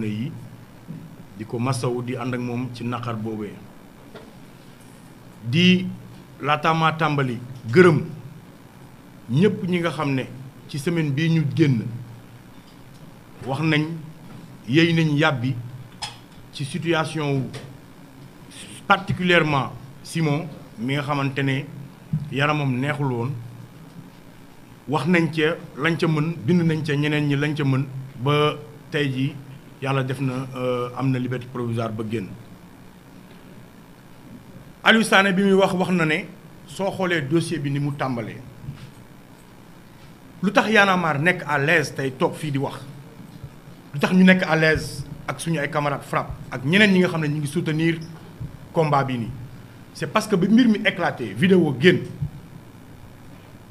yi di ko masawu di ànd ak moom ci naqar boobee di laataamaa tàmbali gërëm ñëpp ñi nga xam ne ci semaine bii ñu génn wax nañ yéy nañ yàbbi ci situation wu particulièrement Simon mi nga xamante ne yaramam neexul woon wax nañ ca lañ ca mën bind nañ ca ñeneen ñi lañ ca mën ba tey ji yàlla def na euh, am na liberté provisoire ba génn Aliou Sané bi muy wax wax na ne soo xoolee dossier bi ni mu tàmbalee lu tax Y'en a nekk à l'aise tey toog fii di wax lu tax ñu nekk à l'aise ak suñu ay camarades FRAPP ak ñeneen ñi nga xam ne ñu ngi soutenir combat bi nii c'est parce que bi mbir mi éclaté vidéo génn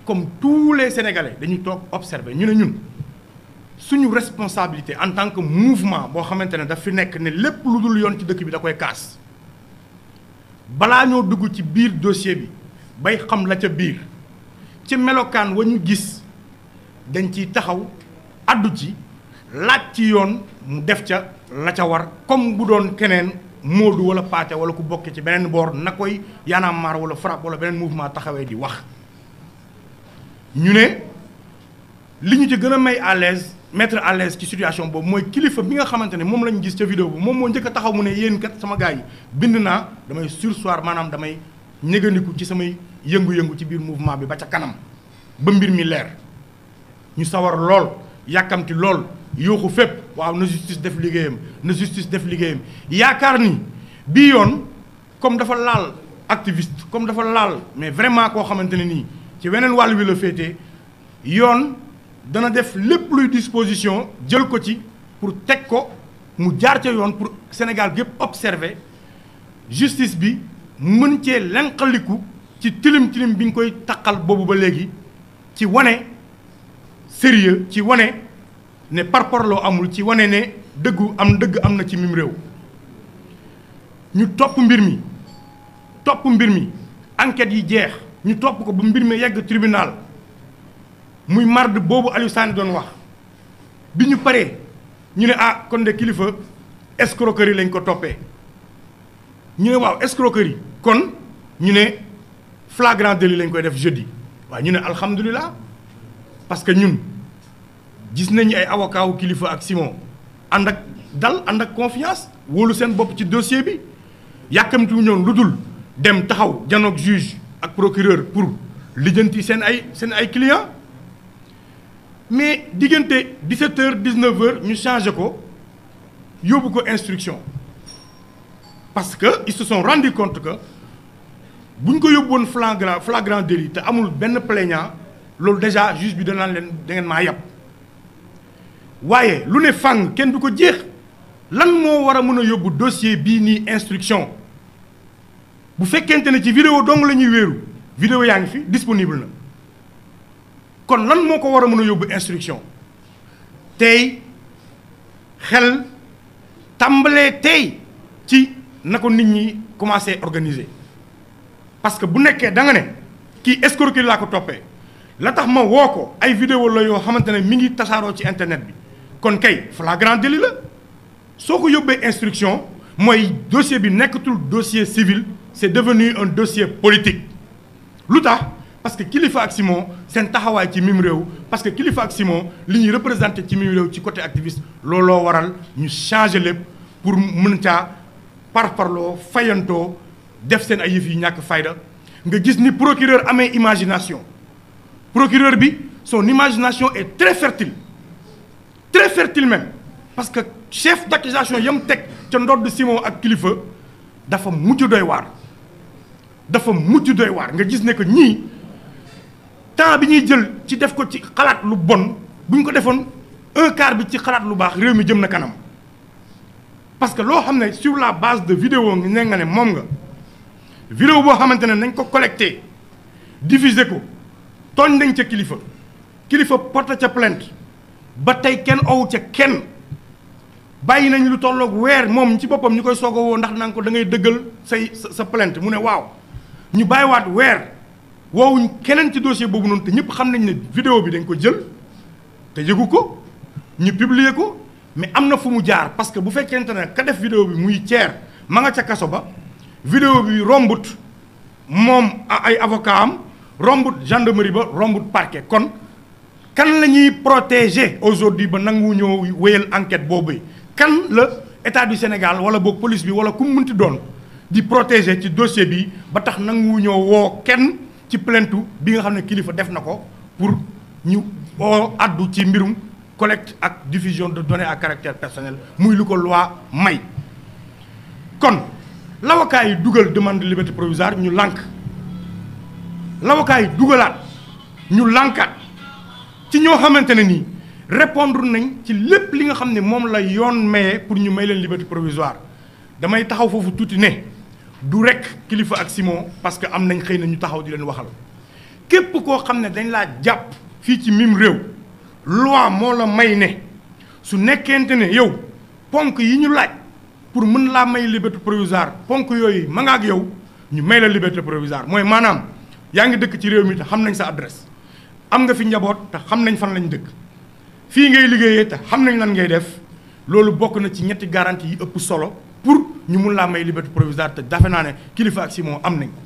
comme tous les Sénégalais dañuy toog observer ñu ne ñun suñu responsabilité en tant que mouvement boo xamante ne daf fi nekk ne lépp lu dul yoon ci dëkk bi da koy kaas balaa ñoo dugg ci biir dossier bi bay xam la ca biir ci melokaan wa ñu gis dañ ciy taxaw addu ci laaj ci yoon mu def ca la ca war comme bu doon keneen Modou wala Pathé wala ku bokkee ci beneen boor na koy Y'en a wala FRAPP wala beneen mouvement taxawee di wax ñu ne li ñu ci gën a may à l'aise metre à l'aise ci situation boobu mooy kilifa bi nga xamante ne moom lañu gis ca vidéo bi moom moo njëkk a taxaw mu ne yéen kat sama gars yi bind naa damay sursoir maanaam damay ñëgandiku ci samay yëngu-yëngu ci biir mouvement bi ba ca kanam ba mbir mi leer ñu sawar lool yàkkamti lool yooxu fépp waaw na justice def liggéeyam na justice def liggéeyam yaakaar ni bii yoon comme dafa laal activiste comme dafa laal mais vraiment koo xamante ne nii ci weneen wàll wi la féetee yoon dana def lépp luy disposition jël ko ci pour teg ko mu jaar ca yoon pour Sénégal gépp observer justice bi mën cee lenqaliku ci tilim tilim bi ñu koy taqal boobu ba léegi ci wane sérieux ci wane ne par parparloo amul ci wane ne dëggu am dëgg am na ci mim réew ñu topp mbir mi topp mbir mi enquête yi jeex ñu topp ko ba mbir mi yegg tribunal muy marde boobu Aliou Sané doon wax bi ñu paree ñu ne ah kon de kilifa escroquerie lañ ko toppee ñu ne waaw escroquerie kon ñu ne flagrant délit lañ koy def jeudi waaw ñu ne alhamdulilah parce que ñun gis nañu ay avocat kilifa ak Simon ànd ak dal ànd ak confiance wóolu seen bopp ci dossier bi yàkkamtu ñoon lu dul dem taxaw janoog juge ak procureur pour lijjanti seen ay seen ay client mais diggante 17h 19h ñu changé ko yóbbu ko instruction parce que ils se sont rendu compte que bu ñu ko yóbbuwoon flagrant flagrant délit te amul benn plaignant loolu déjà juge bi danaan leen da ngeen maa yàpp waaye lu ne fàng kenn du ko jeex lan moo war a mën a yóbbu dossier bii nii instruction bu fekkente ne ci vidéo dong la ñuy wéeru vidéo yaa ngi fi disponible na. kon lan moo ko war a mën a yóbbu instruction tey xel tàmbalee tey ci na ko nit ñi commencé organiser parce que bu nekkee da nga ne kii escroquerie laa ko toppee la tax ma woo ko ay vidéo la yoo xamante ne mi ngi tasaaroo ci internet bi kon kay flagrant délit la soo ko yóbbee instruction mooy dossier bi nekkatul dossier civil c'est devenu un dossier politique lu tax parce que Kilifeu ak Simon seen taxawaay ci mim réew parce que Kilifeu ak Simon li ñuy représenté ci mim réew ci côté activiste looloo waral ñu changé lépp pour mën caa parparloo fayantoo def seen ay yëf yu ñàkk fayda nga gis ni procureur amee imagination procureur bi son imagination est très fertile très fertile même parce que chef d'accusation yam teg ca ndodd Simon ak kilifa dafa mujj doy waar dafa mujj doy waar nga gis ne que ñii temps bi ñuy jël ci def ko ci xalaat lu bon bu ñu ko defoon un quart bi ci xalaat lu baax réew mi jëm na kanam parce que loo xam ne sur la base de vidéo ngi ne nga ne moom nga vidéo boo xamante ne nañ ko collecté diffusé ko tooñ dañ ca kilifa kilifa porte ca plainte ba tey kenn owu ca kenn bàyyi nañu lu tolloog weer moom ci boppam ñu koy soog a woo ndax nanga ko da ngay dëggal say sa plainte mu ne waaw ñu bàyyiwaat weer woowuñ keneen ci dossier boobu noonu te ñëpp xam nañ ne vidéo bi dañ ko jël te yëgu ko ñu publier ko mais am na fu mu jaar parce que bu fekkente ne ka def vidéo bi muy ceer ma nga ca kaso ba vidéo bi rombut moom ay avocat am rombut gendarmerie ba rombut parquet kon kan la ñuy protéger aujourd'hui ba nangu ñoo wéyal enquête boobu kan la état du Sénégal wala boog police bi wala ku mu munti doon di protéger ci dossier bi ba tax nangu ñoo woo kenn ci plainte bi nga xam ne kilifa def na ko pour ñu oo addu ci mbirum collecte ak diffusion de données à caractère personnel muy lu ko loi may kon lawakaay yi dugal demande de liberté provisoire ñu lànk lawakaay yi dugalaat ñu lànkaat ci ñoo xamante ne nii répondre nañ ci lépp li nga xam ne moom la yoon maye pour ñu may leen liberté provisoire damay taxaw foofu tuuti ne du rek kilifa ak Simon parce que am nañ xëy nañu taxaw di leen waxal képp koo xam ne dañ laa jàpp fii ci mim réew loi moo la may ne su nekkent ne yow ponk yi ñu laaj pour mën laa may liberté provisoire ponk yooyu mangaak yow ñu may la liberté provisoire mooy maanaam yaa ngi dëkk ci réew mi te xam nañ sa adresse am nga fi njaboot te xam nañ fan lañ dëkk fii ngay liggéeyee te xam nañ lan ngay def loolu bokk na ci ñetti garantie yi ëpp solo ñu mun laa may liberté provisoire te dafe naa ne kilifa ak Simon am nañ ko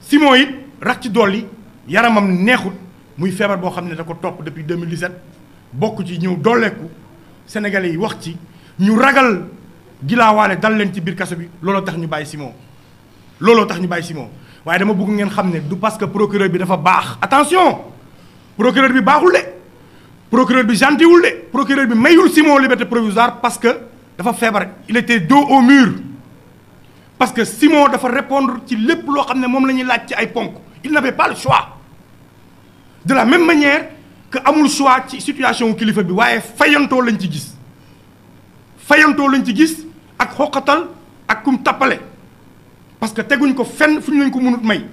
Simon it rax ci dolli yaramam neexut muy feebar boo xam ne da ko topp depuis 2017 bokk ci ñëw dooleeku sénégalais yi wax ci ñu ragal gilaawaale dal leen ci biir kaso bi looloo tax ñu bàyyi Simon looloo tax ñu bàyyi Simon waaye dama bëgg ngeen xam ne du parce que procureur bi dafa baax attention procureur bi baaxul de procureur bi gentil wul de procureur bi mayul Simon liberté provisoire parce que dafa feebar il était dos au mur parce que Simon dafa répondre ci lépp loo xam ne moom la ñuy laaj ci ay ponk il n'avait pas le choix de la même manière que amul choix ci situation kilifa bi waaye fayantoo lañ ci gis fayantoo lañ ci gis ak xoqatal ak kum tappale parce que teguñ ko fenn fu ñu lañ ko mënut may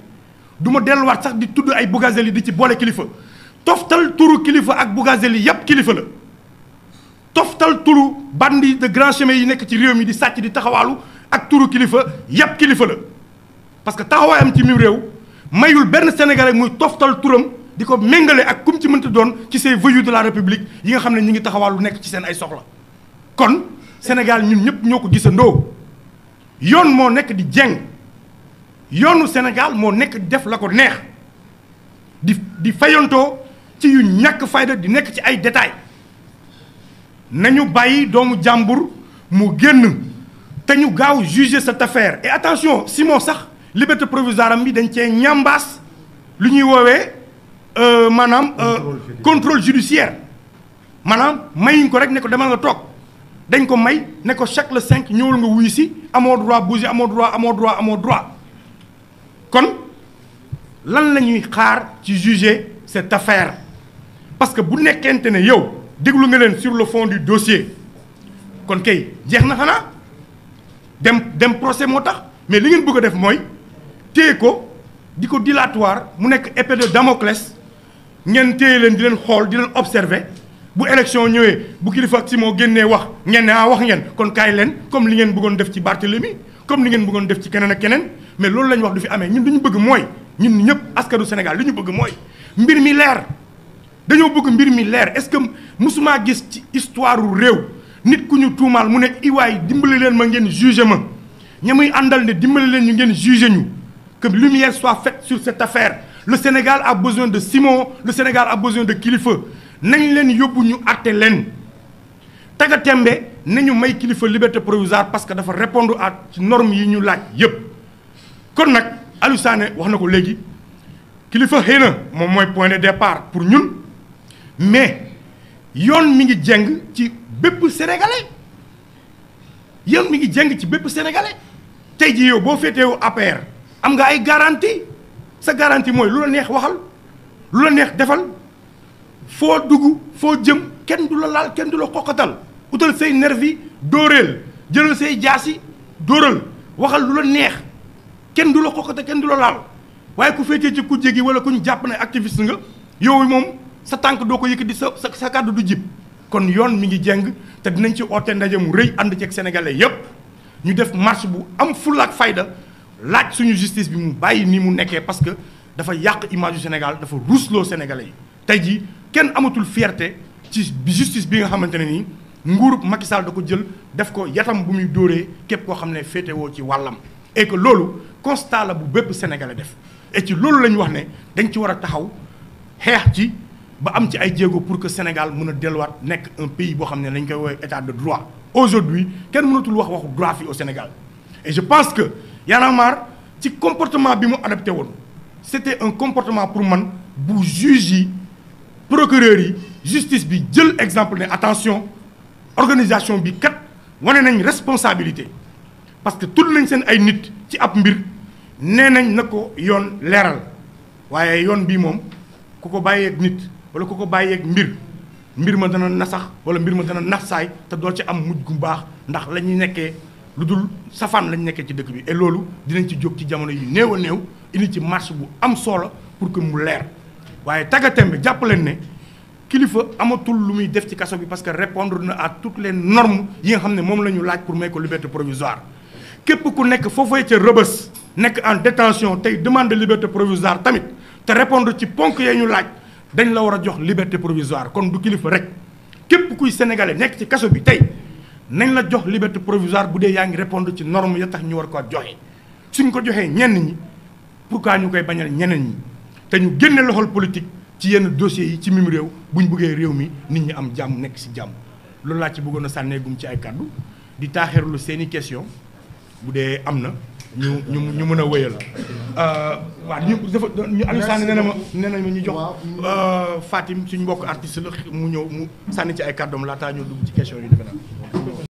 du ma delluwaat sax di tudd ay yi di ci boole kilifa toftal turu kilifa ak yi yépp kilifa la toftal turu bandi de grand chemin yi nekk ci réew mi di sàcc di taxawaalu ak turu kilifa yàpp kilifa la parce que taxawaayam ci mim réew mayul benn sénégalais muy toftal turam di ko méngale ak kum ci mënta doon ci ces voyous de la république yi nga xam ne ñu ngi taxawaalu nekk ci seen ay soxla kon Sénégal ñun ñëpp ñoo ko gisandoo yoon moo nekk di jeng yoonu Sénégal moo nekk di def la ko neex di di fayantoo ci yu ñàkk fayda di nekk ci ay détails nañu bàyyi doomu jàmbur mu génn te ñu gaaw juger cette affaire et attention Simon sax liberté provisoire am bi dañ cee ñambaas li ñuy woowee euh, maanaam euh, contrôle judiciaire maanaam mayuñ ko rek ne ko demal nga toog dañ ko may ne ko chaque le cinq ñëwul nga wuy si amoo droit bouger amoo droit amoo droit amoo droit kon lan la ñuy xaar ci juger cette affaire parce que bu nekkente ne yow déglu nga leen sur le fond du dossier kon kay jeex na xanaa dem dem procès moo tax mais li ngeen bëgg def mooy téye ko di ko dilatoire mu nekk épée de Damoclès ngeen téye leen di leen xool di leen observer bu élection ñëwee bu kilifa ak si moo génnee wax ngeen ne ah wax ngeen kon kaay leen comme li ngeen bëggoon def ci Barthélemy comme li ngeen bëggoon def ci keneen ak keneen mais loolu la wax du fi amee ñun li ñu bëgg mooy ñun ñëpp askanu Sénégal li ñu bëgg mooy mbir mi leer. dañoo bëgg mbir mi leer est-ce que musuma gis ci histoire réew nit ku ñu tuumaal mu ne iwaay dimbali leen ma ngeen jugé ma ña muy àndal ne dimbali leen ñu ngeen jugé ñu que lumière soit faite sur cette affaire le Sénégal a besoin de Simon le Sénégal a besoin de kilifa nañ leen yóbbu ñu àtte leen taga tembe nañu may kilifa liberté provisoire parce que dafa répondre at ci normes yi ñu laaj yépp kon nag Aliou Sané wax na ko léegi kilifa xëy moom mooy point mais yoon mi ngi jeng ci bépp sénégalais yoon mi ngi jeng ci bépp sénégalais tey jii yow boo féetewu APR am nga ay garantie sa garanti mooy lu la neex waxal lu la neex defal foo dugg foo jëm kenn du la laal kenn du la xoqatal utal say nervi dóoreel jëlal say jaasi dóoral waxal lu la neex kenn du la xoqatal kenn du la laal waaye ku féetee ci kujje gi wala ku ñu jàpp ne activiste nga yow moom. sa tànk doo ko di sa sa kàddu du jib kon yoon mu ngi jeng te dinañ ci oote ndaje mu rëy ànd ceeg sénégalais yépp ñu def marche bu am fulla ak fayda laaj suñu justice bi mu bàyyi nii mu nekkee parce que dafa yàq image du Sénégal dafa ruusloo sénégalais yi tey jii kenn amatul fierte ci justice bi nga xamante ne nii nguurub Macky Sall da ko jël def ko yatam bu muy dóoree képp koo xam ne féetewoo ci wàllam et que loolu constat la bu bépp sénégalais def et ci loolu la wax ne dañ ci war a taxaw xeex ci ba am ci ay jéego pour que Sénégal mën a delluwaat nekk un pays boo xam ne dañ koy woowee état de droit aujourd'hui kenn mënatul wax waxu droit fii au Sénégal et je pense que Y'en ci comportement bi mu adopté woon c'était un comportement pour man bu juge yi procureur yi justice bi jël exemple ne attention organisation bi kat wane nañ responsabilité parce que tudd nañ seen ay nit ci ab mbir nee nañ na ko yoon leeral waaye yoon bii moom ku ko bàyyeeg nit wala ko ko bàyyeek mbir mbir ma dana nasax wala mbir ma dana nasaay te doo ci am mujj gu baax ndax la ñuy nekkee lu dul safaan la nekkee ci dëkk bi e loolu dinañ ci jóg ci jamono yu néew a néew indi ci marche bu am solo pour que mu leer waaye taggatem bi jàpp leen ne kilifa amatul lu muy def ci kaso bi parce que répondre na à toutes les normes yi nga xam ne moom la ñu laaj pour may ko liberté provisoire képp ku nekk foofee ca rëbës nekk en détention tey demande de liberté tamit te répondre ci ponk yee ñu laaj dañ la war a jox liberté provisoire kon du kilifa rek képp kuy sénégalais nekk ci kaso bi tey nañ la jox liberté provisoire bu dee yaa ngi répondre ci norme ya tax ñu war ko joxe suñ ko joxee ñenn ñi pourquoi ñu koy bañal ñeneen ñi te ñu génne loxol politique ci yenn dossiers yi ci mim réew bu ñu bëggee réew mi nit ñi am jàmm nekk si jàmm loolu laa ci bëggoon a sànneegum ci ay kàddu di taaxirlu seen i question bu dee am na ñu ñu ñu mën a wéyal euh, waaw ñu dafa ñu Aliou Sané nee na ma nee na ma ñu jox euh, faatim suñu mbokk artiste la mu ñëw mu sànni ci ay kàddoom laataa ñu dugg ci question yu defe naa